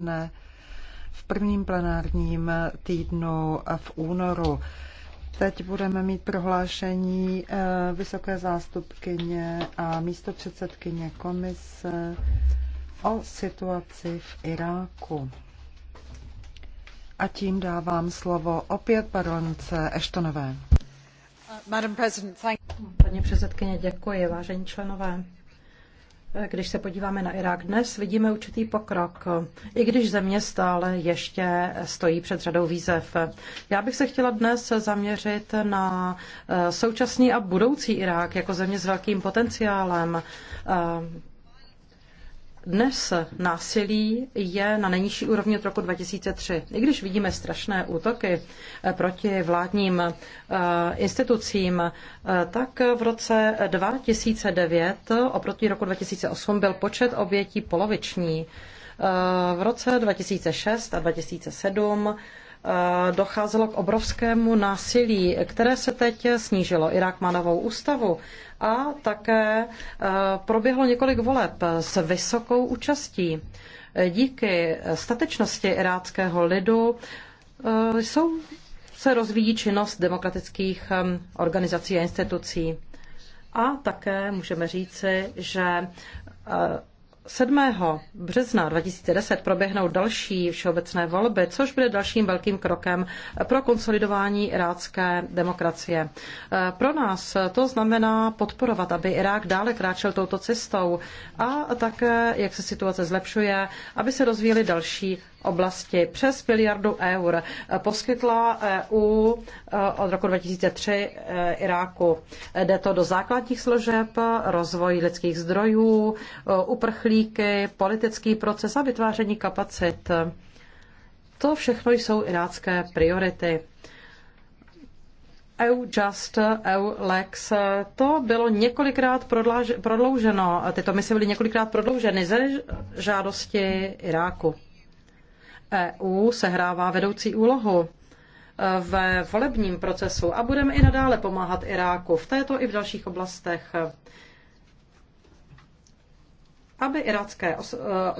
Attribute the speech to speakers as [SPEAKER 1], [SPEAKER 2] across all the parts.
[SPEAKER 1] dne v prvním plenárním týdnu v únoru. Teď budeme mít prohlášení eh, vysoké zástupkyně a místo předsedkyně komise o situaci v Iráku. A tím dávám slovo opět baronce Eštonové.
[SPEAKER 2] Uh, Paní předsedkyně, děkuji, vážení členové. Když se podíváme na Irák dnes, vidíme určitý pokrok, i když země stále ještě stojí před řadou výzev. Já bych se chtěla dnes zaměřit na eh, současný a budoucí Irák jako země s velkým potenciálem eh, dnes násilí je na nejnižší úrovni od roku 2003. I když vidíme strašné útoky eh, proti vládním eh, institucím, eh, tak v roce 2009 oproti roku 2008 byl počet obětí poloviční. V roce 2006 a 2007 docházelo k obrovskému násilí, které se teď snížilo. Irák má novou ústavu, a také eh, proběhlo několik voleb s vysokou účastí. Díky statečnosti iráckého lidu eh, jsou, se rozvíjí činnost demokratických organizací a institucí. A také můžeme říci, že eh, 7. března 2010 proběhnou další všeobecné volby, což bude dalším velkým krokem pro konsolidování irácké demokracie. Pro nás to znamená podporovat, aby Irák dále kráčel touto cestou a také, jak se situace zlepšuje, aby se rozvíjely další oblasti. Přes miliardu eur poskytla EU e, od roku 2003 e, Iráku. E, jde to do základních složeb, rozvoj lidských zdrojů, uprchlí uprchlíky, politický proces a vytváření kapacit. To všechno jsou irácké priority. EU EULEX, to bylo několikrát prodlouženo, tyto mise byly několikrát prodlouženy ze žádosti Iráku. EU sehrává vedoucí úlohu e, ve volebním procesu a budeme i nadále pomáhat Iráku v této i v dalších oblastech aby irácké eh, eh,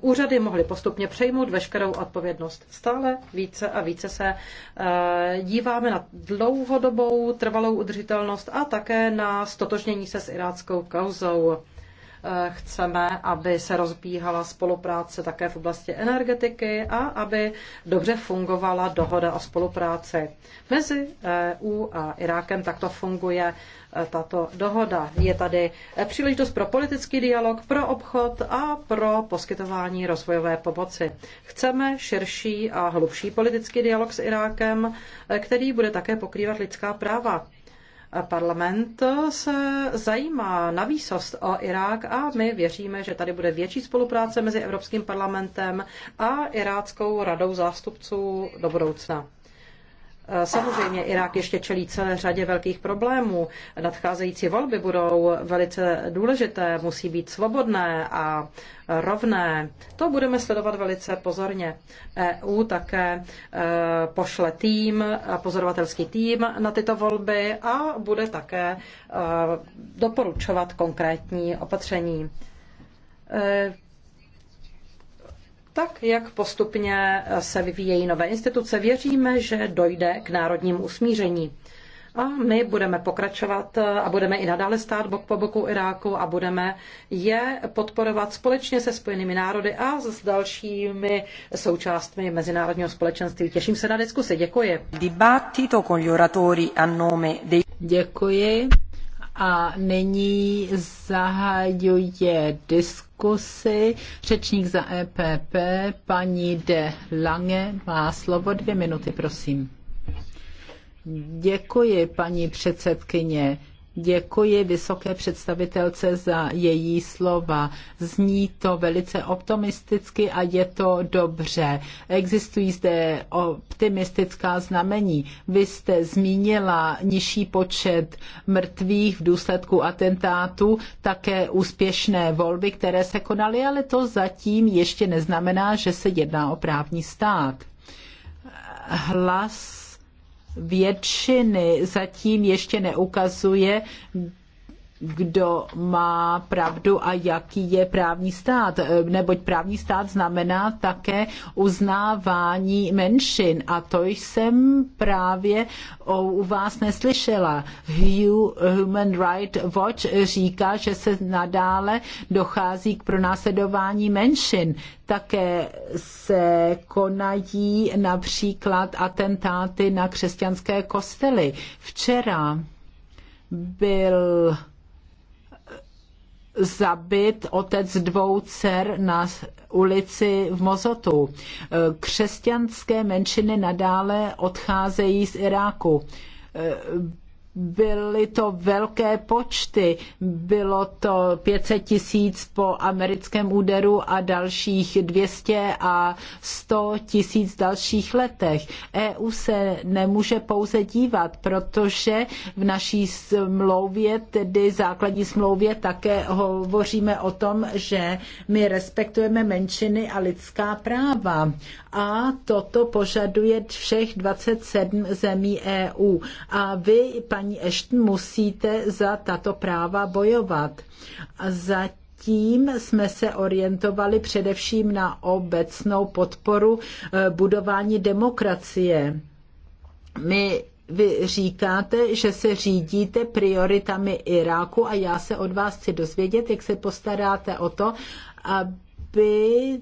[SPEAKER 2] úřady mohly postupně přejmout veškerou odpovědnost. Stále více a více se eh, díváme na dlouhodobou trvalou udržitelnost a také na stotožnění se s iráckou kauzou. Eh, chceme, aby se rozbíhala spolupráce také v oblasti energetiky a aby dobře fungovala dohoda o spolupráci. Mezi EU a Irákem takto funguje eh, tato dohoda. Je tady eh, příležitost pro politický dialog, pro obchod a pro poskytování rozvojové pomoci. Chceme širší a hlubší politický dialog s Irákem, který bude také pokrývat lidská práva. Parlament se zajímá na výsost o Irák a my věříme, že tady bude větší spolupráce mezi Evropským parlamentem a Iráckou radou zástupců do budoucna. Eh, samozřejmě Irák ještě čelí celé řadě velkých problémů. Nadcházející volby budou velice důležité, musí být svobodné a rovné. To budeme sledovat velice pozorně. EU také eh, pošle tým, pozorovatelský tým na tyto volby a bude také eh, doporučovat konkrétní opatření tak, jak postupně se vyvíjejí nové instituce, věříme, že dojde k národnímu usmíření. A my budeme pokračovat a budeme i nadále stát bok po boku Iráku a budeme je podporovat společně se Spojenými národy a s dalšími součástmi mezinárodního společenství. Těším se na diskusi. Děkuji.
[SPEAKER 3] Děkuji. A nyní zahajuje diskusi řečník za EPP, paní de Lange. Má slovo dvě minuty, prosím. Děkuji, paní předsedkyně. Děkuji vysoké představitelce za její slova. Zní to velice optimisticky a je to dobře. Existují zde optimistická znamení. Vy jste zmínila nižší počet mrtvých v důsledku atentátu, také úspěšné volby, které se konaly, ale to zatím ještě neznamená, že se jedná o právní stát. Hlas většiny zatím ještě neukazuje, kdo má pravdu a jaký je právní stát, e, neboť právní stát znamená také uznávání menšin a to jsem právě u vás neslyšela. Human Rights Watch říká, že se nadále dochází k pronásledování menšin. Také se konají například atentáty na křesťanské kostely. Včera byl zabit otec dvou dcer na ulici v Mozotu. Křesťanské menšiny nadále odcházejí z Iráku byly to velké počty. Bylo to 500 tisíc po americkém úderu a dalších 200 a 100 tisíc dalších letech. EU se nemůže pouze dívat, protože v naší smlouvě, tedy základní smlouvě, také hovoříme o tom, že my respektujeme menšiny a lidská práva. A toto požaduje všech 27 zemí EU. A vy, paní paní Ashton, musíte za tato práva bojovat. A za tím jsme se orientovali především na obecnou podporu eh, budování demokracie. My vy říkáte, že se řídíte prioritami Iráku a já se od vás chci dozvědět, jak se postaráte o to, aby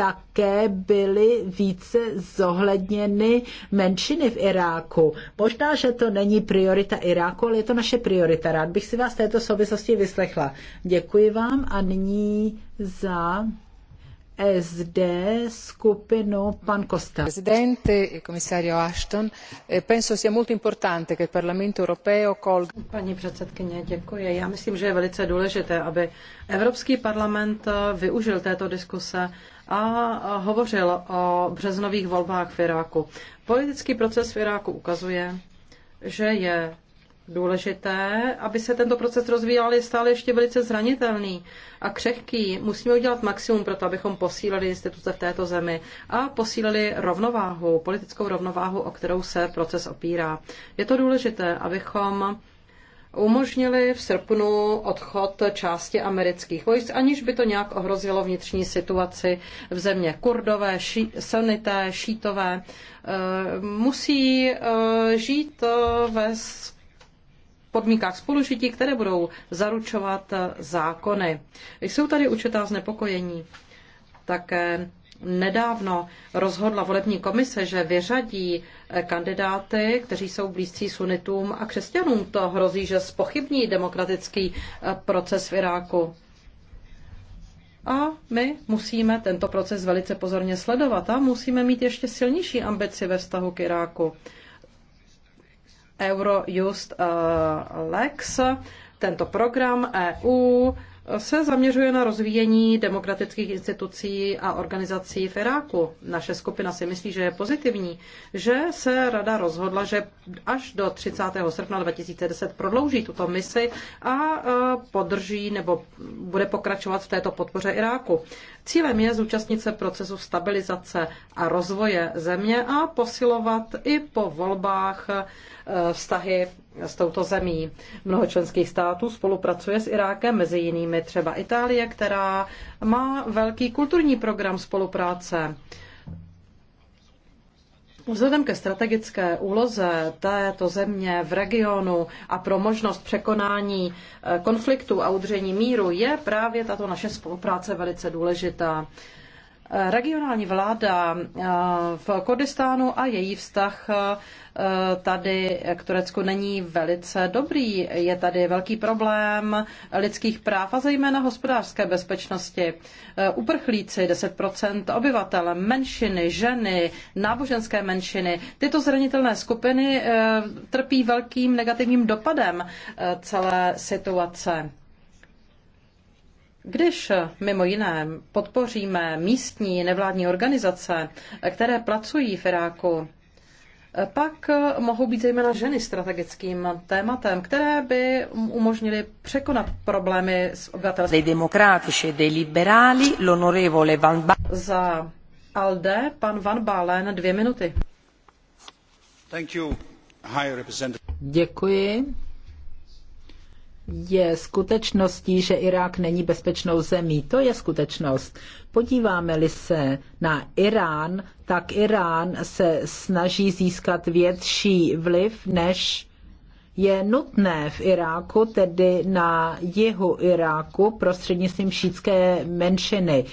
[SPEAKER 3] také byly více zohledněny menšiny v Iráku. Možná, že to není priorita Iráku, ale je to naše priorita. Rád bych si vás této souvislosti vyslechla. Děkuji vám a nyní za SD skupinu pan Costa. Presidente, komisario Ashton,
[SPEAKER 2] eh, penso sia molto importante che il Parlamento europeo colga... Paní předsedkyně, děkuji. Já myslím, že je velice důležité, aby Evropský parlament eh, využil této diskuse a hovořil o březnových volbách v Iráku. Politický proces v Iráku ukazuje, že je důležité, aby se tento proces rozvíjel, je stále ještě velice zranitelný a křehký. Musíme udělat maximum pro to, abychom posílili instituce v této zemi a posílili rovnováhu, politickou rovnováhu, o kterou se proces opírá. Je to důležité, abychom umožnili v srpnu odchod části amerických vojsk, aniž by to nějak ohrozilo vnitřní situaci v země. Kurdové, ší, sunité, šítové eh, musí eh, žít eh, ve podmínkách spolužití, které budou zaručovat zákony. Jsou tady určitá znepokojení. Také nedávno rozhodla volební komise, že vyřadí eh, kandidáty, kteří jsou blízcí sunitům a křesťanům, to hrozí, že spochybní demokratický eh, proces v Iráku. A my musíme tento proces velice pozorně sledovat a musíme mít ještě silnější ambici ve vztahu k Iráku. Eurojust uh, Lex, tento program EU, se zaměřuje na rozvíjení demokratických institucí a organizací v Iráku. Naše skupina si myslí, že je pozitivní, že se rada rozhodla, že až do 30. srpna 2010 prodlouží tuto misi a e, podrží nebo bude pokračovat v této podpoře Iráku. Cílem je zúčastnit se procesu stabilizace a rozvoje země a posilovat i po volbách eh, vztahy s touto zemí. Mnoho členských států spolupracuje s Irákem, mezi jinými třeba Itálie, která má velký kulturní program spolupráce. Vzhledem ke strategické úloze této země v regionu a pro možnost překonání eh, konfliktu a udržení míru je právě tato naše spolupráce velice důležitá regionální vláda eh, v Kurdistánu a její vztah eh, tady k Turecku není velice dobrý. Je tady velký problém lidských práv a zejména hospodářské bezpečnosti. Eh, uprchlíci, 10% obyvatel, menšiny, ženy, náboženské menšiny, tyto zranitelné skupiny trpí velkým negativním dopadem celé situace. Když eh, mimo jiné podpoříme místní nevládní organizace, eh, které pracují v Iráku, eh, pak mohou být zejména ženy strategickým tématem, které by umožnily překonat problémy s obyvatelstvem.
[SPEAKER 3] E liberali,
[SPEAKER 2] Za ALDE pan Van Balen dvě minuty.
[SPEAKER 3] Děkuji, je skutečností, že Irák není bezpečnou zemí. To je skutečnost. Podíváme-li se na Irán, tak Irán se snaží získat větší vliv, než je nutné v Iráku, tedy na jihu Iráku, prostřednictvím šítské menšiny.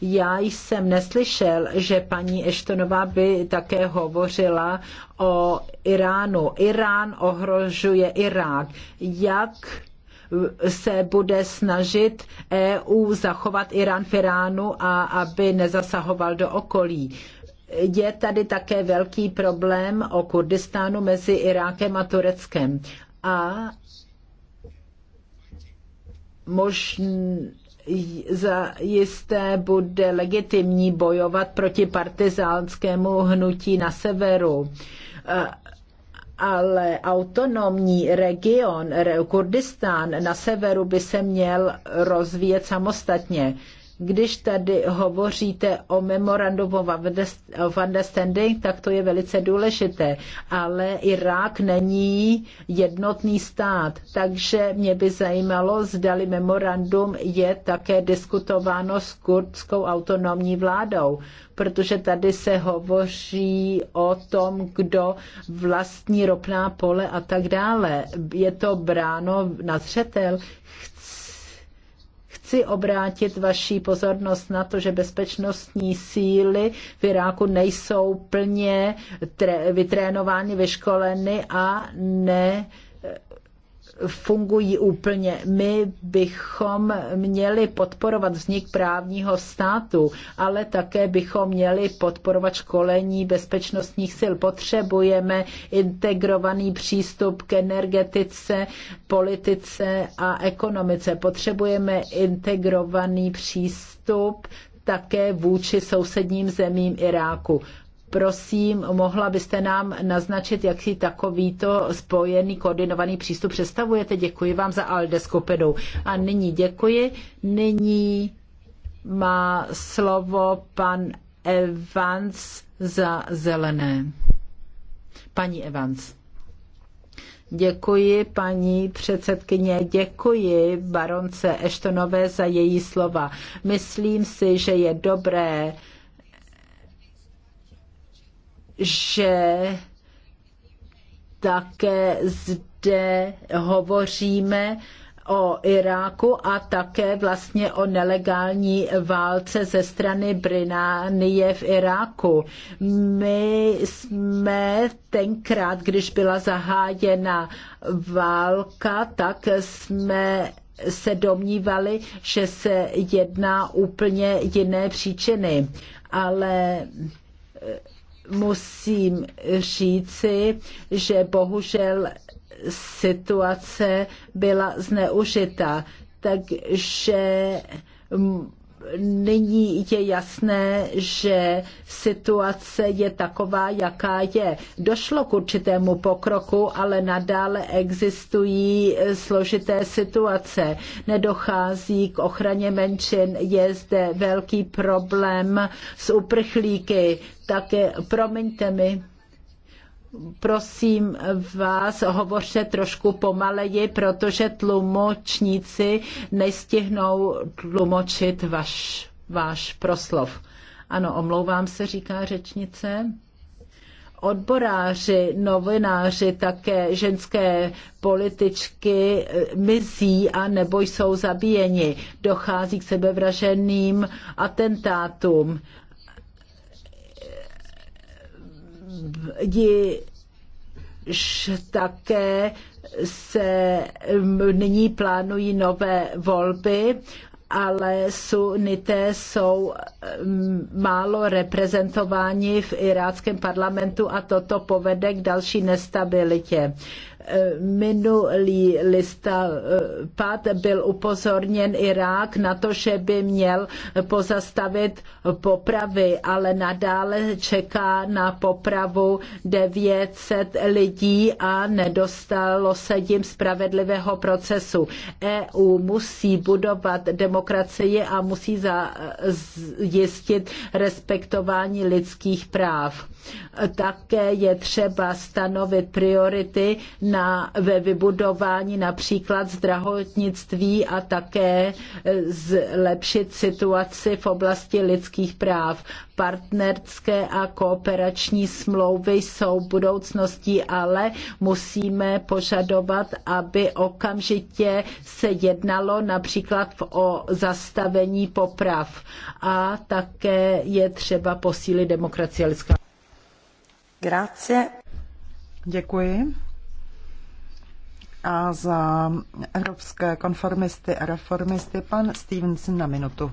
[SPEAKER 3] Já jsem neslyšel, že paní Eštonová by také hovořila o Iránu. Irán ohrožuje Irák. Jak se bude snažit EU zachovat Irán v Iránu a aby nezasahoval do okolí. Je tady také velký problém o Kurdistánu mezi Irákem a Tureckem. A možná jisté bude legitimní bojovat proti partizánskému hnutí na severu ale autonomní region Kurdistán na severu by se měl rozvíjet samostatně. Když tady hovoříte o memorandum of understanding, tak to je velice důležité, ale Irák není jednotný stát, takže mě by zajímalo, zdali memorandum je také diskutováno s kurdskou autonomní vládou, protože tady se hovoří o tom, kdo vlastní ropná pole a tak dále. Je to bráno na zřetel. Chci obrátit vaší pozornost na to, že bezpečnostní síly v Iráku nejsou plně vytrénovány, vyškoleny a ne fungují úplně. My bychom měli podporovat vznik právního státu, ale také bychom měli podporovat školení bezpečnostních sil. Potřebujeme integrovaný přístup k energetice, politice a ekonomice. Potřebujeme integrovaný přístup také vůči sousedním zemím Iráku Prosím, mohla byste nám naznačit, jak si takovýto spojený koordinovaný přístup představujete? Děkuji vám za Aldeskopedou. A nyní děkuji. Nyní má slovo pan Evans za zelené. Paní Evans. Děkuji, paní předsedkyně, děkuji baronce Eštonové za její slova. Myslím si, že je dobré, že také zde hovoříme o Iráku a také vlastně o nelegální válce ze strany Británie v Iráku. My jsme tenkrát, když byla zahájena válka, tak jsme se domnívali, že se jedná úplně jiné příčiny. Ale musím říci, že bohužel situace byla zneužita. Takže nyní je jasné, že situace je taková, jaká je. Došlo k určitému pokroku, ale nadále existují složité situace. Nedochází k ochraně menšin, je zde velký problém s uprchlíky, také, promiňte mi, prosím vás, hovořte trošku pomaleji, protože tlumočníci nestihnou tlumočit vaš, váš proslov. Ano, omlouvám se, říká řečnice odboráři, novináři, také ženské političky mizí a nebo jsou zabíjeni. Dochází k sebevraženým atentátům již také se nyní plánují nové volby ale sunité jsou málo reprezentováni v iráckém parlamentu a toto povede k další nestabilitě minulý listopad byl upozorněn Irák na to, že by měl pozastavit popravy, ale nadále čeká na popravu 900 lidí a nedostalo se jim spravedlivého procesu. EU musí budovat demokracii a musí zajistit respektování lidských práv také je třeba stanovit priority na, ve vybudování například zdravotnictví a také zlepšit situaci v oblasti lidských práv. Partnerské a kooperační smlouvy jsou budoucností, ale musíme požadovat, aby okamžitě se jednalo například o zastavení poprav. A také je třeba posílit demokracie lidská. Grazie.
[SPEAKER 1] Děkuji. A za evropské konformisty a reformisty pan Stevenson na minutu.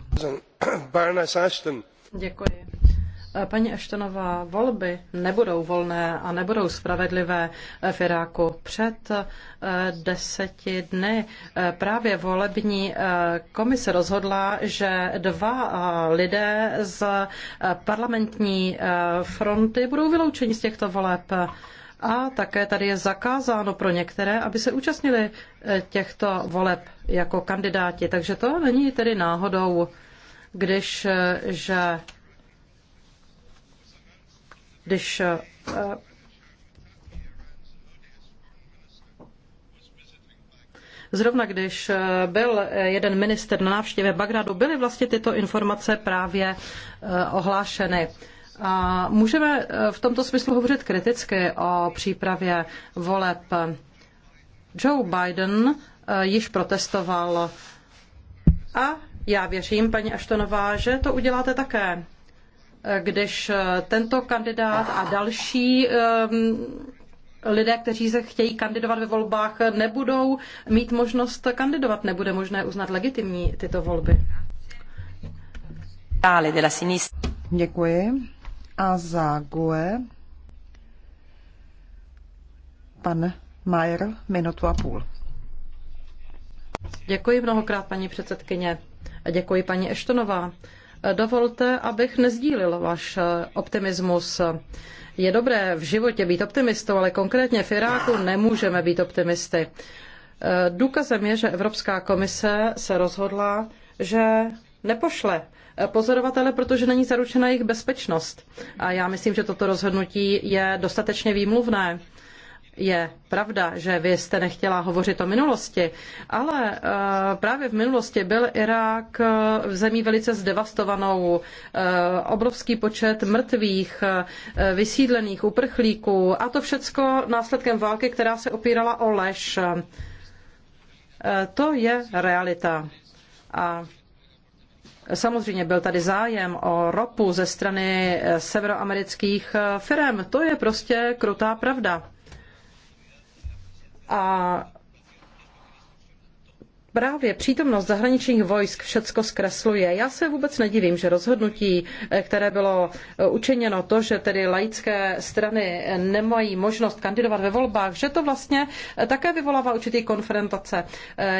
[SPEAKER 2] Baroness Ashton. Děkuji. Paní Eštonová, volby nebudou volné a nebudou spravedlivé eh, v Iráku. Před eh, deseti dny eh, právě volební komise rozhodla, že dva lidé z parlamentní fronty budou vyloučeni z těchto voleb. A také tady je zakázáno pro některé, aby se účastnili těchto voleb jako kandidáti. Takže to není tedy náhodou, když že když eh, Zrovna když eh, byl jeden minister na návštěvě Bagdadu, byly vlastně tyto informace právě eh, ohlášeny. A můžeme v tomto smyslu hovořit kriticky o přípravě voleb. Joe Biden již protestoval a já věřím, paní Aštonová, že to uděláte také když eh, tento kandidát a další ehm, lidé, kteří se chtějí kandidovat ve volbách, nebudou mít možnost kandidovat, nebude možné uznat legitimní tyto volby.
[SPEAKER 1] Děkuji. A za GUE pan Majer minutu a půl.
[SPEAKER 2] Děkuji mnohokrát, paní předsedkyně. A děkuji paní Eštonová Dovolte, abych nezdílil váš eh, optimismus. Je dobré v životě být optimistou, ale konkrétně v Iráku nemůžeme být optimisty. Eh, důkazem je, že Evropská komise se rozhodla, že nepošle eh, pozorovatele, protože není zaručena jejich bezpečnost. A já myslím, že toto rozhodnutí je dostatečně výmluvné. Je pravda, že vy jste nechtěla hovořit o minulosti, ale eh, právě v minulosti byl Irák eh, v zemí velice zdevastovanou, eh, obrovský počet mrtvých, vysídlených, uprchlíků a to všecko následkem války, která se opírala o lež. To je realita. A Samozřejmě byl tady zájem o ropu ze strany severoamerických firm. To je prostě krutá pravda. A Právě přítomnost zahraničních vojsk všecko zkresluje. Já se vůbec nedivím, že rozhodnutí, eh, které bylo eh, učiněno to, že tedy laické strany eh, nemají možnost kandidovat ve volbách, že to vlastně také vyvolává určitý konfrontace.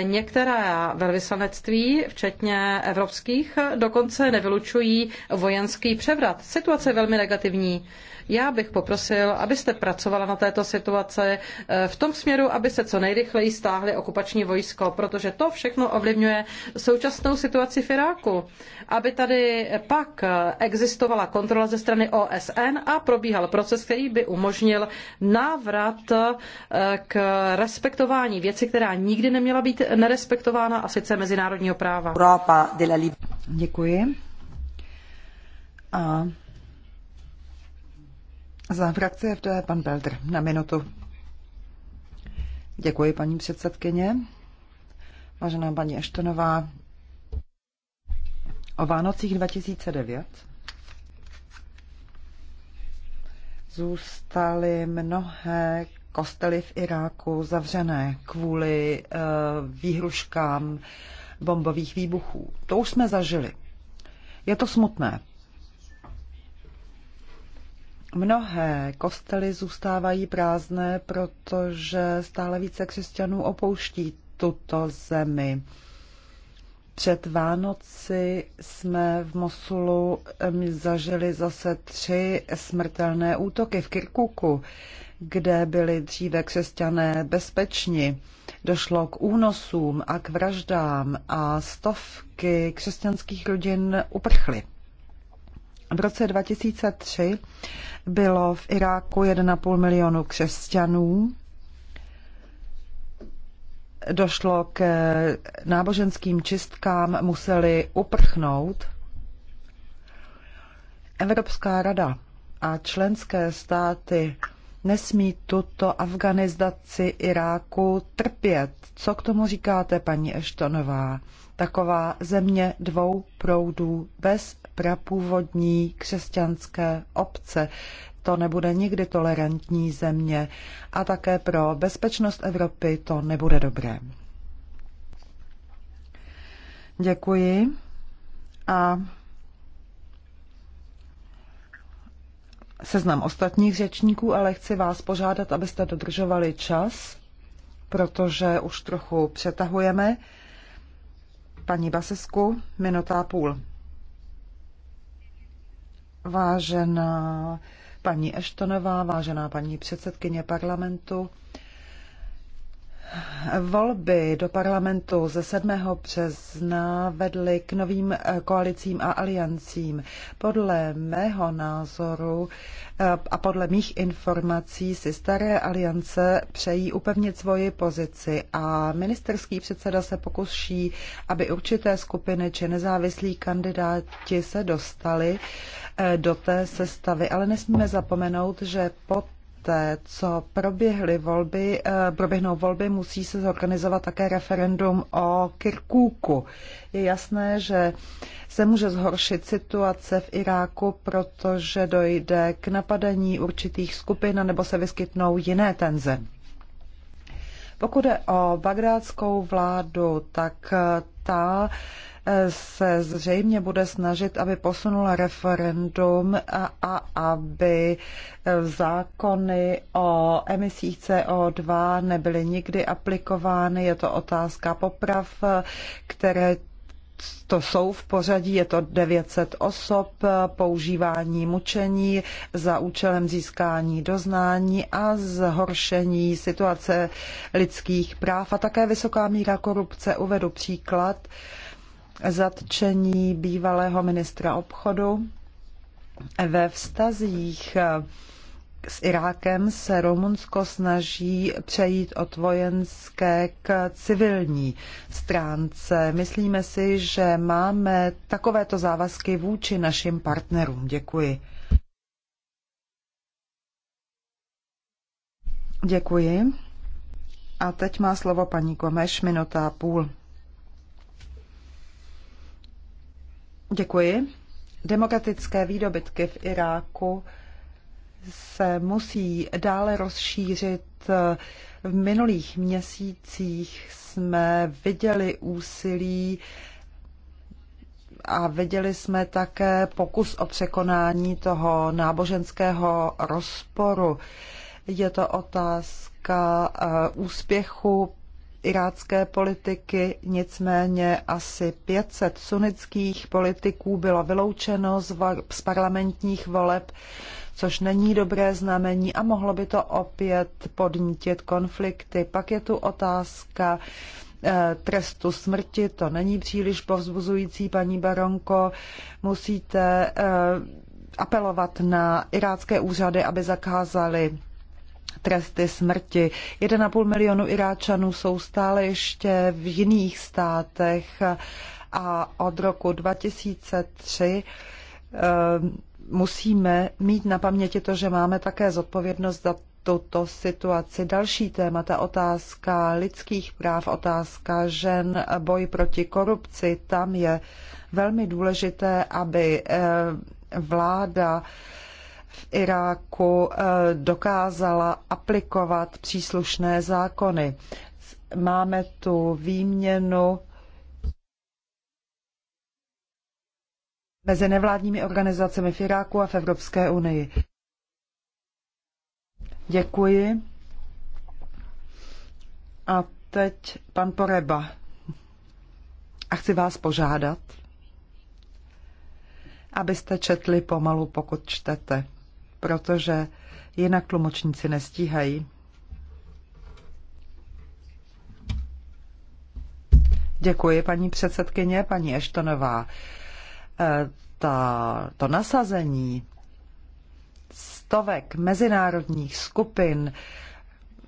[SPEAKER 2] Některá velvyslanectví, včetně evropských, dokonce nevylučují vojenský převrat. Situace je velmi negativní. Já bych poprosil, abyste pracovala na této situaci eh, v tom směru, aby se co nejrychleji stáhly okupační vojsko, protože to všechno ovlivňuje současnou situaci v Iráku. Aby tady pak eh, existovala kontrola ze strany OSN a probíhal proces, který by umožnil návrat eh, k respektování věci, která nikdy neměla být nerespektována, a sice mezinárodního práva. Děkuji.
[SPEAKER 1] A za frakci FD pan Belder na minutu. Děkuji, paní předsedkyně. Vážená paní Eštonová, o Vánocích 2009 zůstaly mnohé kostely v Iráku zavřené kvůli eh, výhruškám bombových výbuchů. To už jsme zažili. Je to smutné, Mnohé kostely zůstávají prázdné, protože stále více křesťanů opouští tuto zemi. Před Vánoci jsme v Mosulu zažili zase tři smrtelné útoky v Kirkuku, kde byli dříve křesťané bezpeční. Došlo k únosům a k vraždám a stovky křesťanských rodin uprchly. V roce 2003 bylo v Iráku 1,5 milionu křesťanů. Došlo k náboženským čistkám, museli uprchnout. Evropská rada a členské státy nesmí tuto afganizaci Iráku trpět. Co k tomu říkáte, paní Eštonová? Taková země dvou proudů bez prapůvodní křesťanské obce. To nebude nikdy tolerantní země a také pro bezpečnost Evropy to nebude dobré. Děkuji. A seznam ostatních řečníků, ale chci vás požádat, abyste dodržovali čas, protože už trochu přetahujeme. Paní Basesku, minuta a půl. Vážená paní Eštonová, vážená paní předsedkyně parlamentu, Volby do parlamentu ze 7. března vedly k novým eh, koalicím a aliancím. Podle mého názoru eh, a podle mých informací si staré aliance přejí upevnit svoji pozici a ministerský předseda se pokusí, aby určité skupiny či nezávislí kandidáti se dostali eh, do té sestavy. Ale nesmíme zapomenout, že pod poté, co proběhly volby, eh, proběhnou volby, musí se zorganizovat také referendum o Kirkúku. Je jasné, že se může zhoršit situace v Iráku, protože dojde k napadení určitých skupin nebo se vyskytnou jiné tenze. Pokud je o bagdátskou vládu, tak eh, ta se zřejmě bude snažit, aby posunula referendum a, a aby zákony o emisích CO2 nebyly nikdy aplikovány. Je to otázka poprav, které to jsou v pořadí, je to 900 osob, používání mučení za účelem získání doznání a zhoršení situace lidských práv a také vysoká míra korupce. Uvedu příklad. Uh, zatčení bývalého ministra obchodu. Ve vztazích eh, s Irákem se Rumunsko snaží přejít od vojenské k civilní stránce. Myslíme si, že máme takovéto závazky vůči našim partnerům. Děkuji. Děkuji. A teď má slovo paní Komeš, minuta a půl. Děkuji. Demokratické výdobytky v Iráku se musí dále rozšířit. V minulých měsících jsme viděli úsilí a viděli jsme také pokus o překonání toho náboženského rozporu. Je to otázka eh, úspěchu irácké politiky, nicméně asi 500 sunnických politiků bylo vyloučeno z, z parlamentních voleb, což není dobré znamení a mohlo by to opět podnítit konflikty. Pak je tu otázka eh, trestu smrti, to není příliš povzbuzující, paní Baronko, musíte eh, apelovat na irácké úřady, aby zakázali tresty smrti. 1,5 milionu Iráčanů jsou stále ještě v jiných státech a od roku 2003 eh, musíme mít na paměti to, že máme také zodpovědnost za tuto situaci. Další témata, otázka lidských práv, otázka žen, boj proti korupci, tam je velmi důležité, aby eh, vláda Iráku eh, dokázala aplikovat příslušné zákony. Máme tu výměnu mezi nevládními organizacemi v Iráku a v Evropské unii. Děkuji. A teď pan Poreba. A chci vás požádat, abyste četli pomalu, pokud čtete protože jinak tlumočníci nestíhají. Děkuji, paní předsedkyně, paní Eštonová. E, ta, to nasazení stovek mezinárodních skupin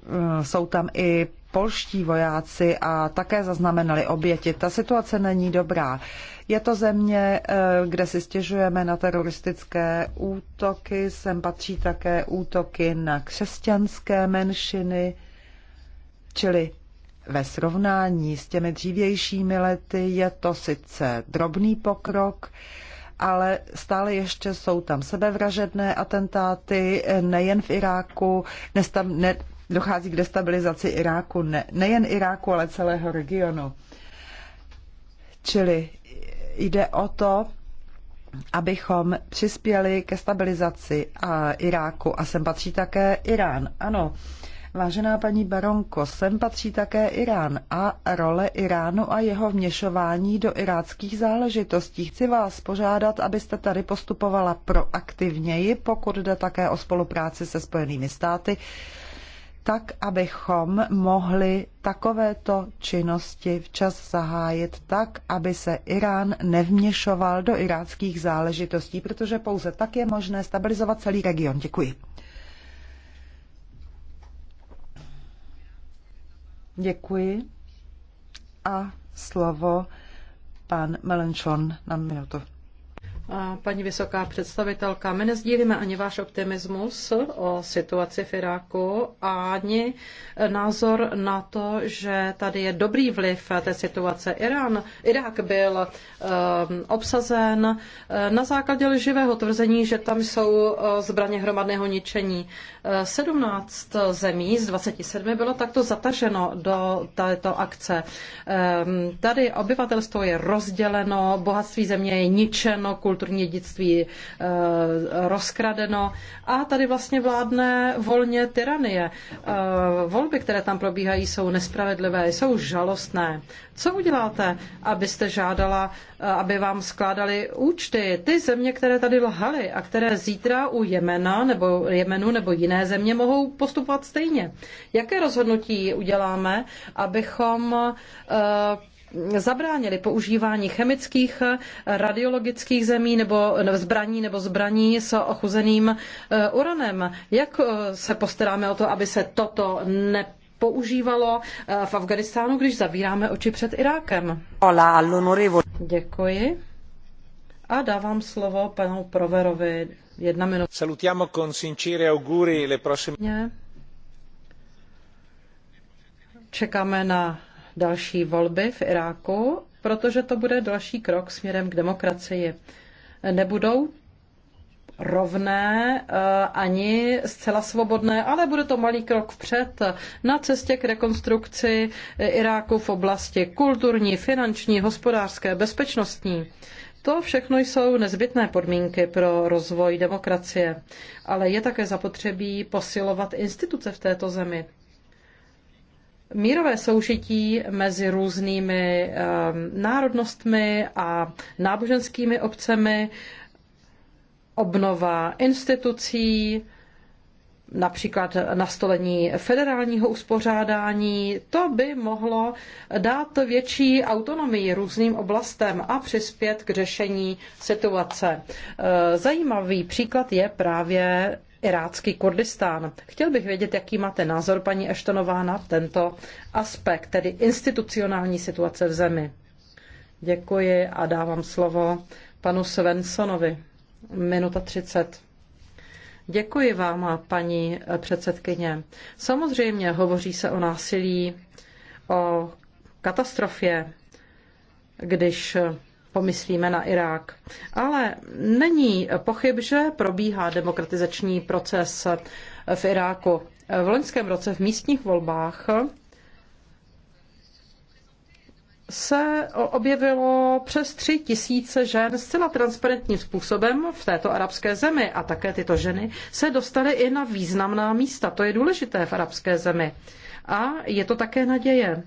[SPEAKER 1] Eh, jsou tam i polští vojáci a také zaznamenali oběti. Ta situace není dobrá. Je to země, eh, kde si stěžujeme na teroristické útoky, sem patří také útoky na křesťanské menšiny, čili ve srovnání s těmi dřívějšími lety je to sice drobný pokrok, ale stále ještě jsou tam sebevražedné atentáty eh, nejen v Iráku, nestam, ne, dochází k destabilizaci Iráku, ne, nejen Iráku, ale celého regionu. Čili jde o to, abychom přispěli ke stabilizaci a Iráku a sem patří také Irán. Ano, vážená paní Baronko, sem patří také Irán a role Iránu a jeho vněšování do iráckých záležitostí. Chci vás požádat, abyste tady postupovala proaktivněji, pokud jde také o spolupráci se Spojenými státy tak abychom mohli takovéto činnosti včas zahájit tak, aby se Irán nevměšoval do iráckých záležitostí, protože pouze tak je možné stabilizovat celý region. Děkuji. Děkuji. A slovo pan Melenchon na minutu.
[SPEAKER 2] Paní vysoká představitelka, my nezdílíme ani váš optimismus o situaci v Iráku, ani názor na to, že tady je dobrý vliv té situace. Irán, Irák byl um, obsazen eh, na základě lživého tvrzení, že tam jsou eh, zbraně hromadného ničení. 17 zemí z 27 bylo takto zataženo do této akce. Um, tady obyvatelstvo je rozděleno, bohatství země je ničeno, kultury kulturní dědictví eh, rozkradeno a tady vlastně vládne volně tyranie. Eh, volby, které tam probíhají, jsou nespravedlivé, jsou žalostné. Co uděláte, abyste žádala, eh, aby vám skládali účty ty země, které tady lhaly a které zítra u Jemena nebo Jemenu nebo jiné země mohou postupovat stejně? Jaké rozhodnutí uděláme, abychom zabránili používání chemických, eh, radiologických zemí nebo zbraní nebo zbraní s ochuzeným eh, uranem. Jak eh, se postaráme o to, aby se toto ne používalo v Afganistánu, když zavíráme oči před Irákem. Děkuji. A dávám slovo panu Proverovi. Jedna minuta. Salutiamo con sincere auguri le prossime... Čekáme na další volby v Iráku, protože to bude další krok směrem k demokracii. Nebudou rovné eh, ani zcela svobodné, ale bude to malý krok vpřed na cestě k rekonstrukci Iráku v oblasti kulturní, finanční, hospodářské, bezpečnostní. To všechno jsou nezbytné podmínky pro rozvoj demokracie, ale je také zapotřebí posilovat instituce v této zemi. Mírové soužití mezi různými ehm, národnostmi a náboženskými obcemi, obnova institucí, například nastolení federálního uspořádání, to by mohlo dát větší autonomii různým oblastem a přispět k řešení situace. Ehm, zajímavý příklad je právě irácký Kurdistán. Chtěl bych vědět, jaký máte názor, paní Eštonová, na tento aspekt, tedy institucionální situace v zemi. Děkuji a dávám slovo panu Svensonovi. Minuta 30. Děkuji vám, paní předsedkyně. Samozřejmě hovoří se o násilí, o katastrofě, když pomyslíme na Irák. Ale není pochyb, že probíhá demokratizační proces v Iráku. V loňském roce v místních volbách se objevilo přes tři tisíce žen zcela transparentním způsobem v této arabské zemi a také tyto ženy se dostaly i na významná místa. To je důležité v arabské zemi. A je to také naděje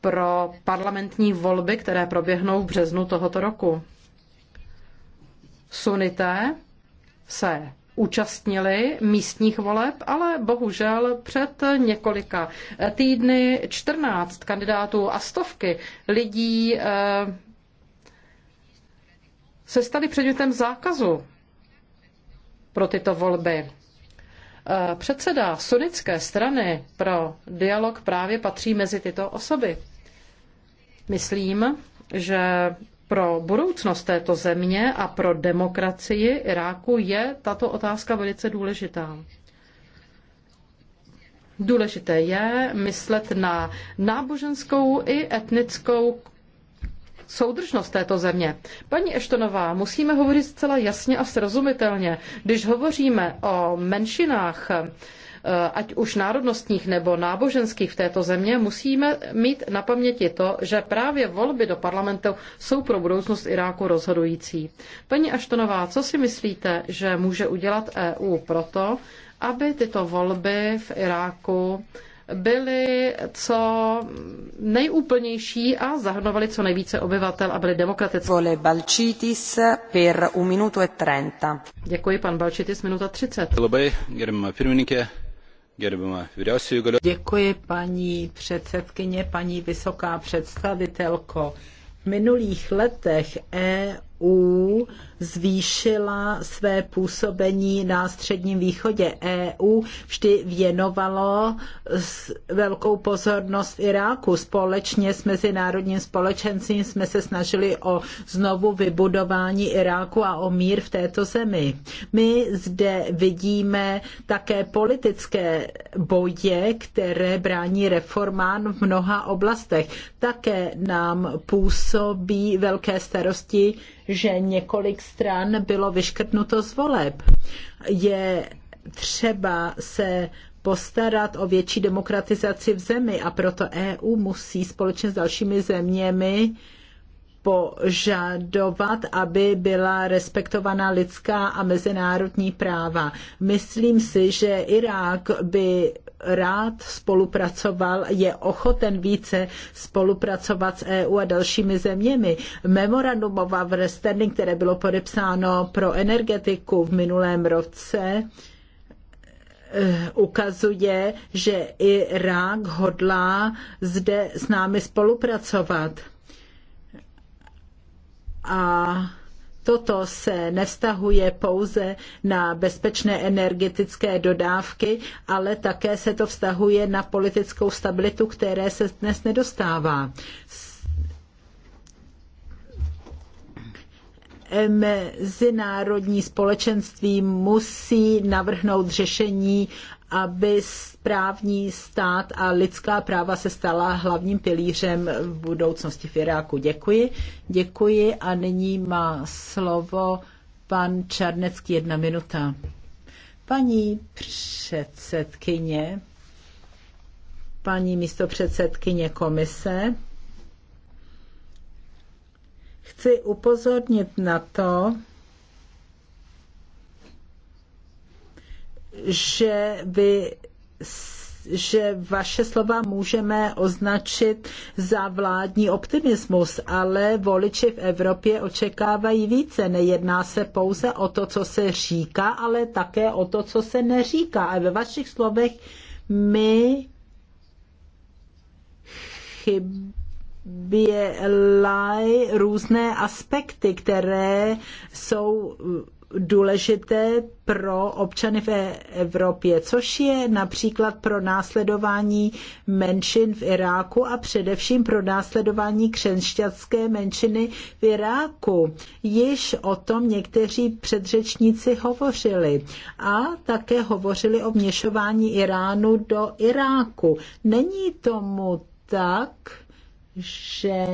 [SPEAKER 2] pro parlamentní volby, které proběhnou v březnu tohoto roku. Sunité se účastnili místních voleb, ale bohužel před několika týdny 14 kandidátů a stovky lidí eh, se staly předmětem zákazu pro tyto volby. Eh, předseda sunické strany pro dialog právě patří mezi tyto osoby. Myslím, že pro budoucnost této země a pro demokracii Iráku je tato otázka velice důležitá. Důležité je myslet na náboženskou i etnickou soudržnost této země. Paní Eštonová, musíme hovořit zcela jasně a srozumitelně. Když hovoříme o menšinách, Eh, ať už národnostních nebo náboženských v této země, musíme mít na paměti to, že právě volby do parlamentu jsou pro budoucnost Iráku rozhodující. Paní Aštonová, co si myslíte, že může udělat EU proto, aby tyto volby v Iráku byly co nejúplnější a zahrnovaly co nejvíce obyvatel a byly demokratické. Vole Balčitis per un minuto e trenta.
[SPEAKER 3] Děkuji, pan Balčitis, minuta 30. Labai, gerima pirmininkė, Děkuji paní předsedkyně, paní vysoká představitelko. V minulých letech EU EU zvýšila své působení na Středním východě. EU vždy věnovalo velkou pozornost Iráku. Společně s mezinárodním společenstvím jsme se snažili o znovu vybudování Iráku a o mír v této zemi. My zde vidíme také politické boje, které brání reformám v mnoha oblastech. Také nám působí velké starosti že několik stran bylo vyškrtnuto z voleb. Je třeba se postarat o větší demokratizaci v zemi a proto EU musí společně s dalšími zeměmi požadovat, aby byla respektovaná lidská a mezinárodní práva. Myslím si, že Irák by rád spolupracoval, je ochoten více spolupracovat s EU a dalšími zeměmi. Memorandum of understanding, které bylo podepsáno pro energetiku v minulém roce, eh, ukazuje, že Irák hodlá zde s námi spolupracovat a toto se nevztahuje pouze na bezpečné energetické dodávky, ale také se to vztahuje na politickou stabilitu, které se dnes nedostává. mezinárodní společenství musí navrhnout řešení aby správní stát a lidská práva se stala hlavním pilířem v budoucnosti v Iráku. Děkuji. Děkuji a nyní má slovo pan Čarnecký jedna minuta. Paní předsedkyně, paní místopředsedkyně komise, chci upozornit na to, že vy že vaše slova můžeme označit za vládní optimismus, ale voliči v Evropě očekávají více. Nejedná se pouze o to, co se říká, ale také o to, co se neříká. A ve vašich slovech mi chyběly různé aspekty, které jsou důležité pro občany v Evropě, což je například pro následování menšin v Iráku a především pro následování křesťanské menšiny v Iráku. Již o tom někteří předřečníci hovořili a také hovořili o měšování Iránu do Iráku. Není tomu tak, že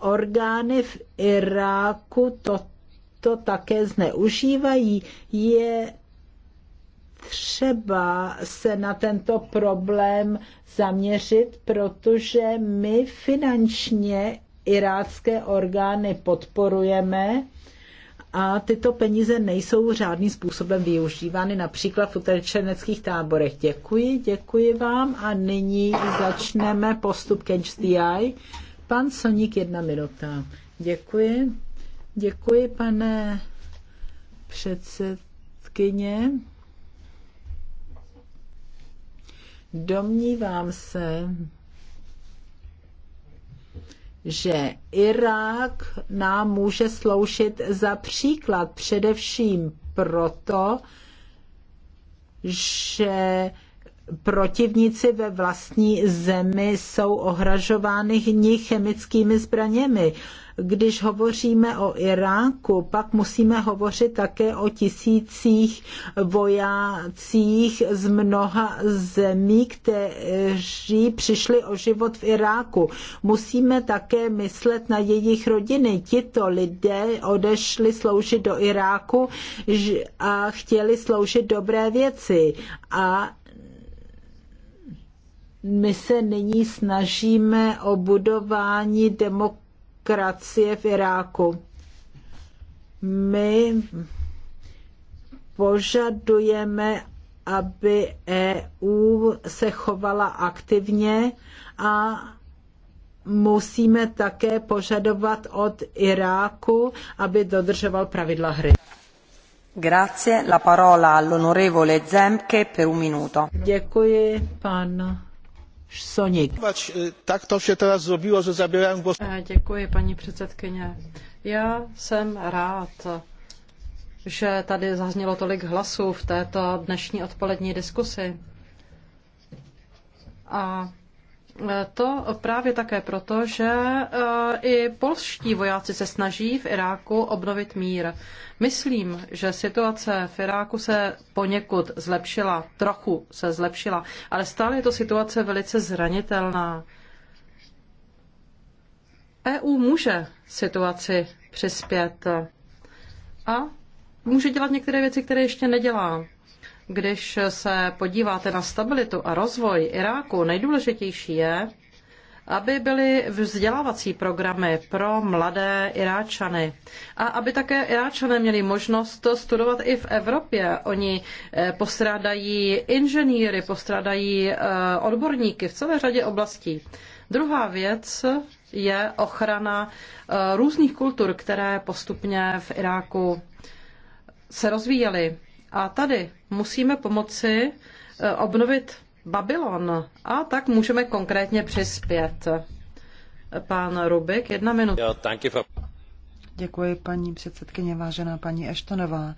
[SPEAKER 3] Orgány v Iráku toto také zneužívají. Je třeba se na tento problém zaměřit, protože my finančně irácké orgány podporujeme a tyto peníze nejsou řádným způsobem využívány, například v utečeneckých táborech. Děkuji, děkuji vám a nyní začneme postup Catch the Eye. Pan Soník, jedna minuta. Děkuji. Děkuji, pane předsedkyně. Domnívám se, že Irák nám může sloužit za příklad především proto, že protivníci ve vlastní zemi jsou jejich chemickými zbraněmi. Když hovoříme o Iráku, pak musíme hovořit také o tisících vojácích z mnoha zemí, kteří přišli o život v Iráku. Musíme také myslet na jejich rodiny. Tito lidé odešli sloužit do Iráku a chtěli sloužit dobré věci. A my se nyní snažíme o budování demokracie v Iráku. My požadujeme, aby EU se chovala aktivně a musíme také požadovat od Iráku, aby dodržoval pravidla hry. Grazie, la parola all'onorevole Zemke per un minuto. Děkuji, pan Sonik. Tak to se teraz zrobilo, že zabírám głos.
[SPEAKER 2] E, děkuji, paní předsedkyně. Já jsem rád, že tady zaznělo tolik hlasů v této dnešní odpolední diskusi. A to právě také proto, že eh, i polští vojáci se snaží v Iráku obnovit mír. Myslím, že situace v Iráku se poněkud zlepšila, trochu se zlepšila, ale stále je to situace velice zranitelná. EU může situaci přispět a může dělat některé věci, které ještě nedělá. Když se podíváte na stabilitu a rozvoj Iráku, nejdůležitější je, aby byly vzdělávací programy pro mladé Iráčany a aby také Iráčané měli možnost studovat i v Evropě. Oni eh, postrádají inženýry, postrádají eh, odborníky v celé řadě oblastí. Druhá věc je ochrana eh, různých kultur, které postupně v Iráku se rozvíjely. A tady musíme pomoci eh, obnovit Babylon a tak můžeme konkrétně přispět. Pán Rubik, jedna minuta. Děkuji, paní
[SPEAKER 1] předsedkyně, vážená paní Eštonová.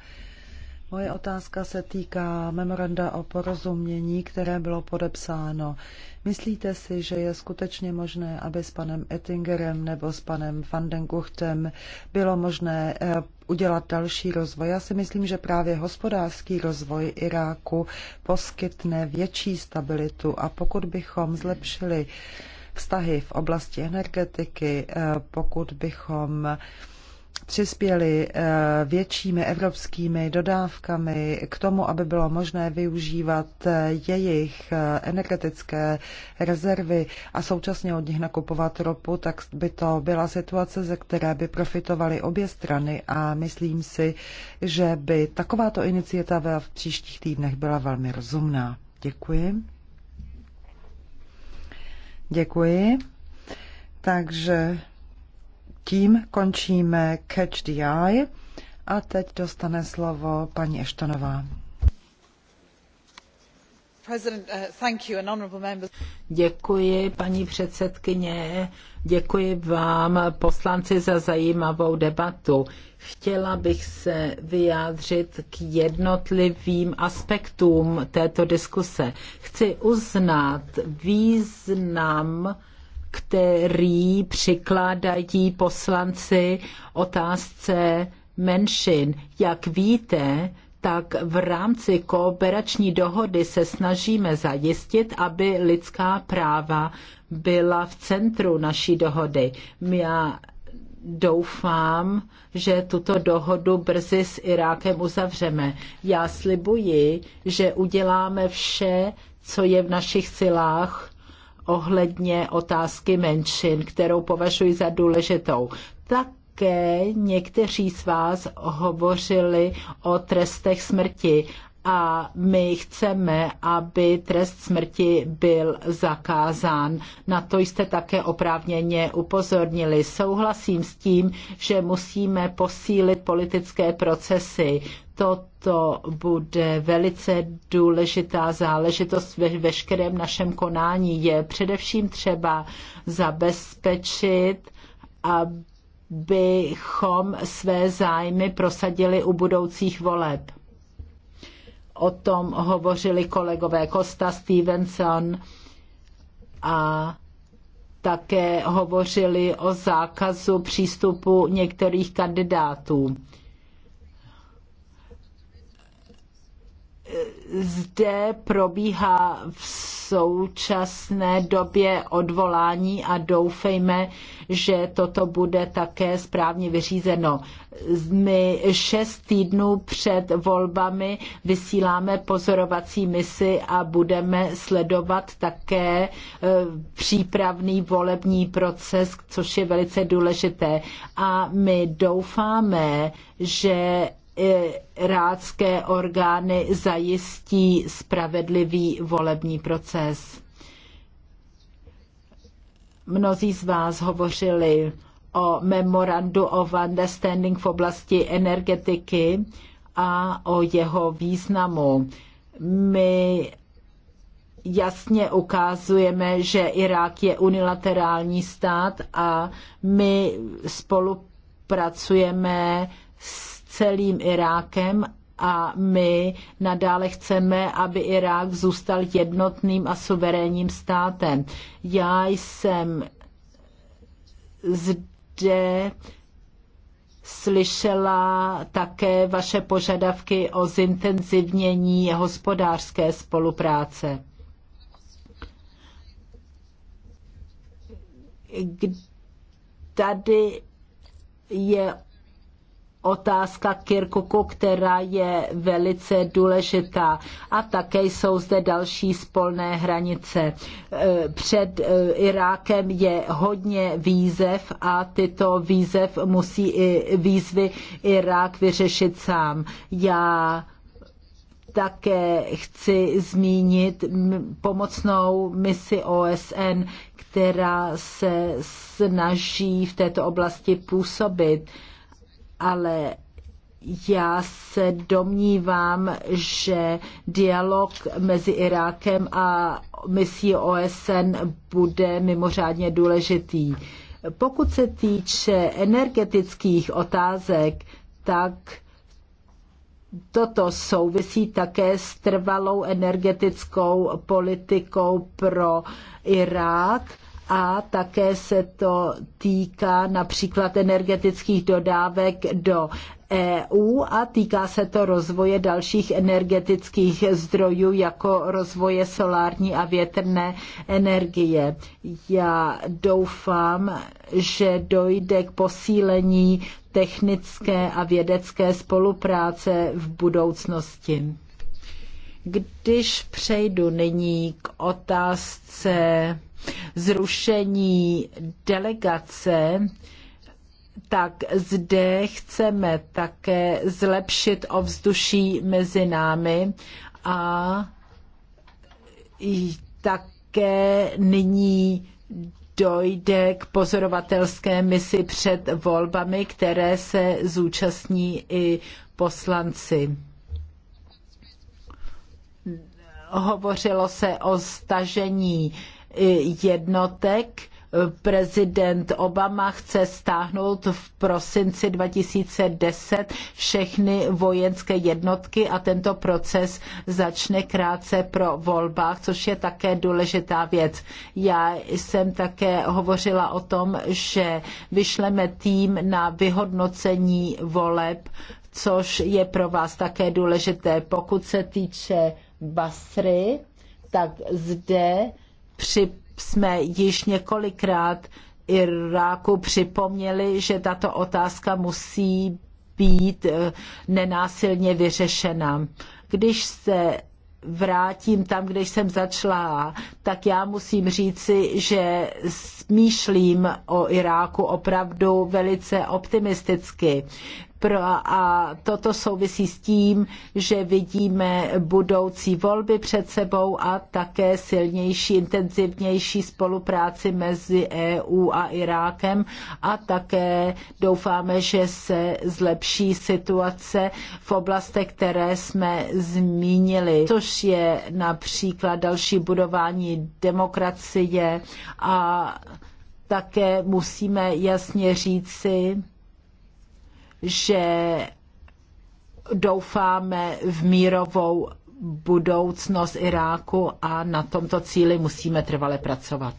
[SPEAKER 1] Moje otázka se týká memoranda o porozumění, které bylo podepsáno. Myslíte si, že je skutečně možné, aby s panem Ettingerem nebo s panem Vandenguchtem bylo možné eh, udělat další rozvoj. Já si myslím, že právě hospodářský rozvoj Iráku poskytne větší stabilitu a pokud bychom zlepšili vztahy v oblasti energetiky, eh, pokud bychom přispěli eh, většími evropskými dodávkami k tomu, aby bylo možné využívat eh, jejich eh, energetické rezervy a současně od nich nakupovat ropu, tak by to byla situace, ze které by profitovaly obě strany a myslím si, že by takováto iniciativa v příštích týdnech byla velmi rozumná. Děkuji. Děkuji. Takže tím končíme Catch the Eye a teď dostane slovo paní Eštonová.
[SPEAKER 2] Uh,
[SPEAKER 3] děkuji, paní předsedkyně, děkuji vám, poslanci, za zajímavou debatu. Chtěla bych se vyjádřit k jednotlivým aspektům této diskuse. Chci uznat význam který přikládají poslanci otázce menšin. Jak víte, tak v rámci kooperační dohody se snažíme zajistit, aby lidská práva byla v centru naší dohody. Já doufám, že tuto dohodu brzy s Irákem uzavřeme. Já slibuji, že uděláme vše, co je v našich silách, ohledně otázky menšin, kterou považuji za důležitou. také někteří z vás hovořili o trestech smrti a my chceme, aby trest smrti byl zakázán. Na to jste také oprávněně upozornili. Souhlasím s tím, že musíme posílit politické procesy. Toto bude velice důležitá záležitost ve veškerém našem konání. Je především třeba zabezpečit, abychom své zájmy prosadili u budoucích voleb o tom hovořili kolegové Costa Stevenson a také hovořili o zákazu přístupu některých kandidátů zde probíhá v současné době odvolání a doufejme, že toto bude také správně vyřízeno. My šest týdnů před volbami vysíláme pozorovací misi a budeme sledovat také e, přípravný volební proces, což je velice důležité. A my doufáme, že irácké e, orgány zajistí spravedlivý volební proces. Mnozí z vás hovořili o memorandu o understanding v oblasti energetiky a o jeho významu. My jasně ukazujeme, že Irák je unilaterální stát a my spolupracujeme s celým Irákem a my nadále chceme, aby Irák zůstal jednotným a suverénním státem. Já jsem zde slyšela také vaše požadavky o zintenzivnění hospodářské spolupráce. Tady je otázka Kirkuku, která je velice důležitá. A také jsou zde další spolné hranice. E, před e, Irákem je hodně výzev a tyto výzev musí i výzvy Irák vyřešit sám. Já také chci zmínit pomocnou misi OSN, která se snaží v této oblasti působit ale já se domnívám, že dialog mezi Irákem a misí OSN bude mimořádně důležitý. Pokud se týče energetických otázek, tak toto souvisí také s trvalou energetickou politikou pro Irák a také se to týká například energetických dodávek do EU a týká se to rozvoje dalších energetických zdrojů, jako rozvoje solární a větrné energie. Já doufám, že dojde k posílení technické a vědecké spolupráce v budoucnosti. Když přejdu nyní k otázce zrušení delegace, tak zde chceme také zlepšit ovzduší mezi námi a také nyní dojde k pozorovatelské misi před volbami, které se zúčastní i poslanci hovořilo se o stažení jednotek. Prezident Obama chce stáhnout v prosinci 2010 všechny vojenské jednotky a tento proces začne krátce pro volbách, což je také důležitá věc. Já jsem také hovořila o tom, že vyšleme tým na vyhodnocení voleb, což je pro vás také důležité. Pokud se týče Basry, tak zde při, jsme již několikrát Iráku připomněli, že tato otázka musí být eh, nenásilně vyřešena. Když se vrátím tam, kde jsem začala, tak já musím říci, že smýšlím o Iráku opravdu velice optimisticky a toto souvisí s tím, že vidíme budoucí volby před sebou a také silnější, intenzivnější spolupráci mezi EU a Irákem a také doufáme, že se zlepší situace v oblastech, které jsme zmínili, což je například další budování demokracie a také musíme jasně říci, že doufáme v mírovou budoucnost Iráku a na tomto cíli musíme trvale pracovat.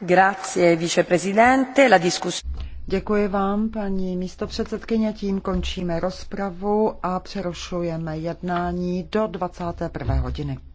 [SPEAKER 3] Grazie, viceprezidente. La discuss. Děkuji vám, paní místopředsedkyně. Tím
[SPEAKER 1] končíme rozpravu a přerušujeme jednání do 21. hodiny.